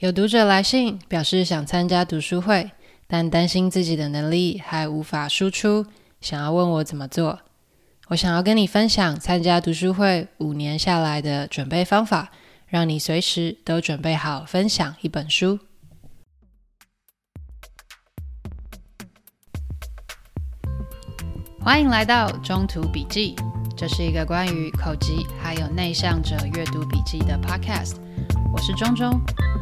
有讀者來信表示想參加讀書會，但擔心自己的能力還無法輸出，想要問我怎麼做。我想要跟你分享參加讀書會五年下來的準備方法，讓你隨時都準備好分享一本書。歡迎來到中途筆記，這是一個關於口吃還有內向者閱讀筆記的 podcast。我是中中。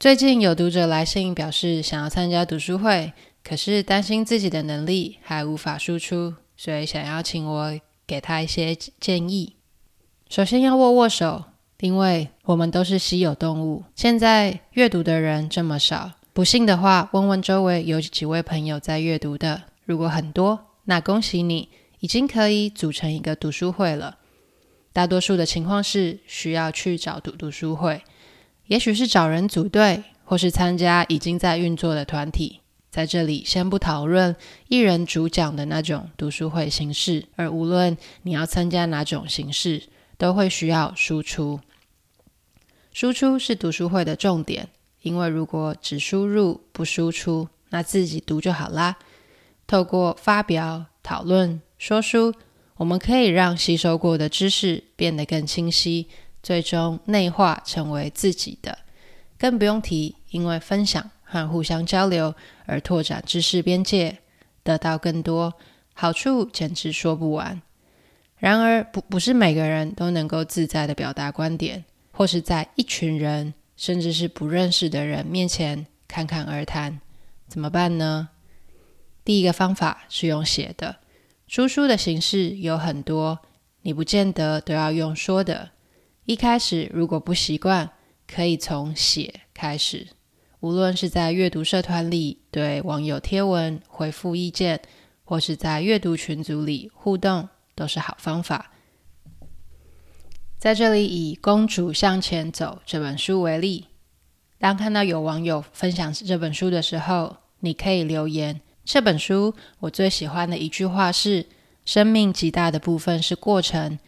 最近有讀者來信表示想要參加讀書會，可是擔心自己的能力還無法輸出，所以想邀請我給他一些建議。首先要握握手，因為我們都是稀有動物。現在閱讀的人這麼少，不信的話問問周圍有幾位朋友在閱讀的。如果很多，那恭喜你，已經可以組成一個讀書會了。大多數的情況是需要去找讀讀書會。也許是找人組隊，或是參加已經在運作的團體。在這裡，先不討論一人主講的那種讀書會形式，而無論你要參加哪種形式，都會需要輸出。輸出是讀書會的重點，因為如果只輸入不輸出，那自己讀就好啦。透過發表、討論、說書，我們可以讓吸收過的知識變得更清晰。最終內化成為自己的。更不用提因為分享和互相交流而拓展知識邊界，得到更多好處，簡直說不完。然而，不不是每個人都能夠自在地表達觀點，或是在一群人甚至是不認識的人面前侃侃而談，怎麼辦呢？第一個方法是用寫的，輸出的形式有很多，你不見得都要用說的。一開始，如果不習慣，可以從寫開始。無論是在閱讀社團裡對網友貼文回復意見，或是在閱讀群組裡互動，都是好方法。在這裡，以《公主向前走》這本書為例，當看到有網友分享這本書的時候，你可以留言：這本書我最喜歡的一句話是“生命極大的部分是過程”。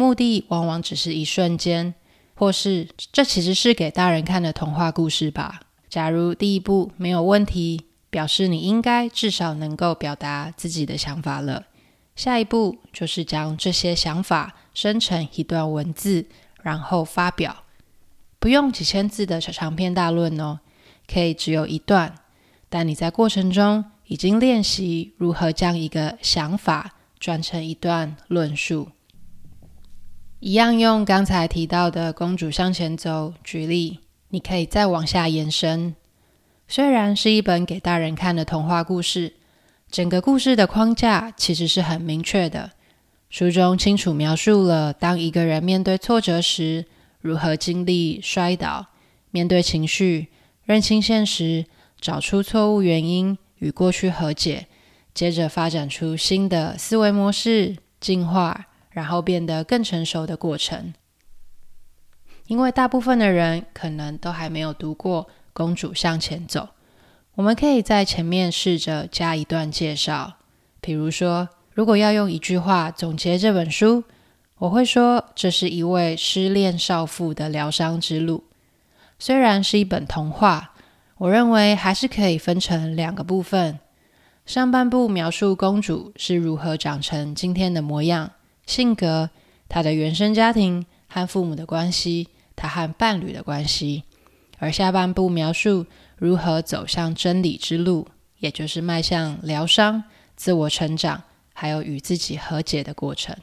目的往往只是一瞬間，或是這其實是給大人看的童話故事吧。假如第一步沒有問題，表示你應該至少能夠表達自己的想法了。下一步就是將這些想法生成一段文字，然後發表。不用幾千字的長篇大論哦，可以只有一段。但你在過程中已經練習如何將一個想法轉成一段論述。一樣用剛才提到的《公主向前走》舉例，你可以再往下延伸。雖然是一本給大人看的童話故事，整個故事的框架其實是很明確的。書中清楚描述了當一個人面對挫折時，如何經歷摔倒、面對情緒、認清現實、找出錯誤原因與過去和解，接着發展出新的思維模式，進化。然後變得更成熟的過程，因為大部分的人可能都還沒有讀過《公主向前走》，我們可以在前面試着加一段介紹。比如說，如果要用一句話總結這本書，我會說：這是一位失戀少婦的療傷之路。雖然是一本童話，我認為還是可以分成兩個部分。上半部描述公主是如何長成今天的模樣。性格、他的原生家庭和父母的關係，他和伴侶的關係，而下半部描述如何走向真理之路，也就是邁向療傷、自我成長，還有與自己和解的過程。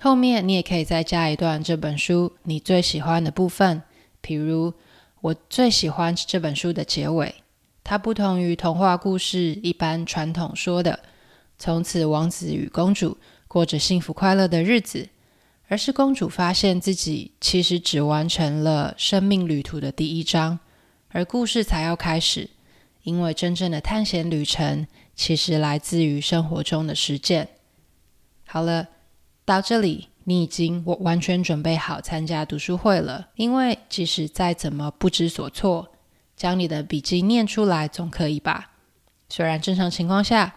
後面你也可以再加一段這本書你最喜歡的部分，譬如我最喜歡這本書的結尾，它不同於童話故事一般傳統說的“從此王子與公主”。過着幸福快樂的日子，而是公主發現自己其實只完成了生命旅途的第一章，而故事才要開始。因為真正的探險旅程其實來自於生活中的實踐。好了，到這裡你已經完全準備好參加讀書會了，因為即使再怎麼不知所措，將你的筆記念出來總可以吧？雖然正常情況下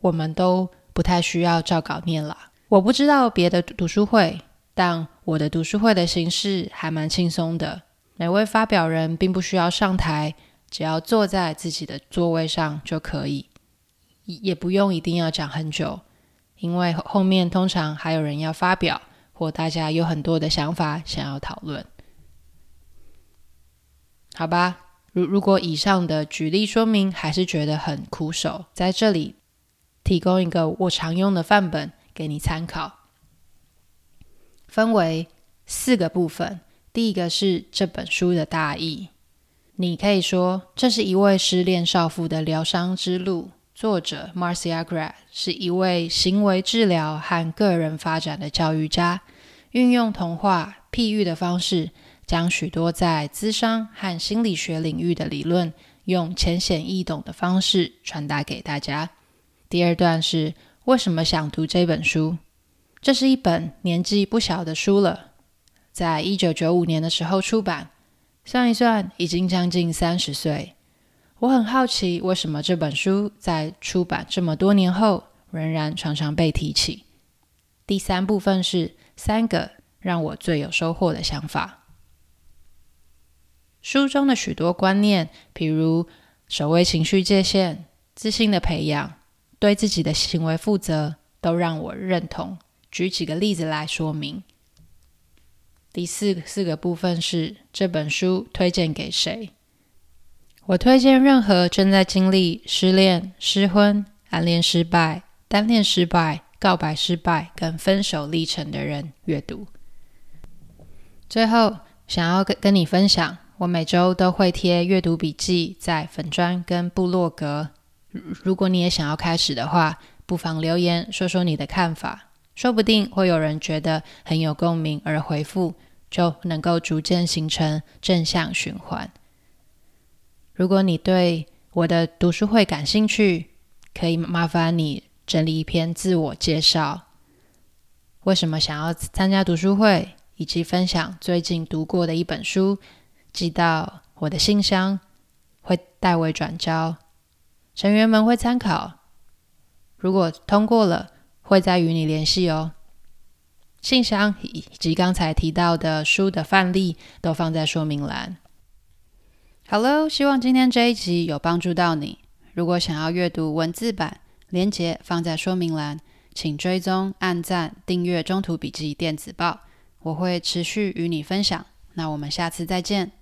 我們都。不太需要照稿念啦。我不知道別的讀書會，但我的讀書會的形式還蠻輕鬆的。每位發表人並不需要上台，只要坐在自己的座位上就可以，也不用一定要講很久，因為後面通常還有人要發表，或大家有很多的想法想要討論。好吧，如如果以上的舉例說明還是覺得很苦手，在這裡。提供一個我常用的範本給你參考，分為四個部分。第一個是這本書的大意。你可以說，這是一位失戀少婦的療傷之路。作者 Marcia Grad 是一位行為治療和個人發展的教育家，運用童話、譬喻的方式，將許多在諮商和心理學領域的理論，用淺顯易懂的方式傳達給大家。第二段是為什麼想讀這本書？這是一本年紀不小的書了，在一九九五年的時候出版，算一算已經將近三十歲。我很好奇為什麼這本書在出版這麼多年後，仍然常常被提起。第三部分是三個讓我最有收穫的想法。書中的許多觀念，比如守衛情緒界限、自信的培養。對自己的行為負責，都讓我認同。舉幾個例子來說明。第四,四個部分是這本書推薦給誰？我推薦任何正在經歷失戀、失戀、失婚、暗戀失敗、單戀失敗、告白失敗跟分手歷程的人閱讀。最後，想要跟跟你分享，我每周都會貼閱讀筆記在粉專跟部落格。如果你也想要開始的話，不妨留言說說你的看法，說不定會有人覺得很有共鳴而回復，就能夠逐漸形成正向循環。如果你對我的讀書會感興趣，可以麻煩你整理一篇自我介紹，為什麼想要參加讀書會，以及分享最近讀過的一本書，寄到我的信箱，會代為轉交。成員們會參考，如果通過了，會再與你聯繫哦。信箱以及剛才提到的書的範例都放在說明欄。好了，希望今天這一集有幫助到你。如果想要閱讀文字版，連結放在說明欄，請追蹤、按讚、訂閱《中途筆記電子報》，我會持續與你分享。那我們下次再見。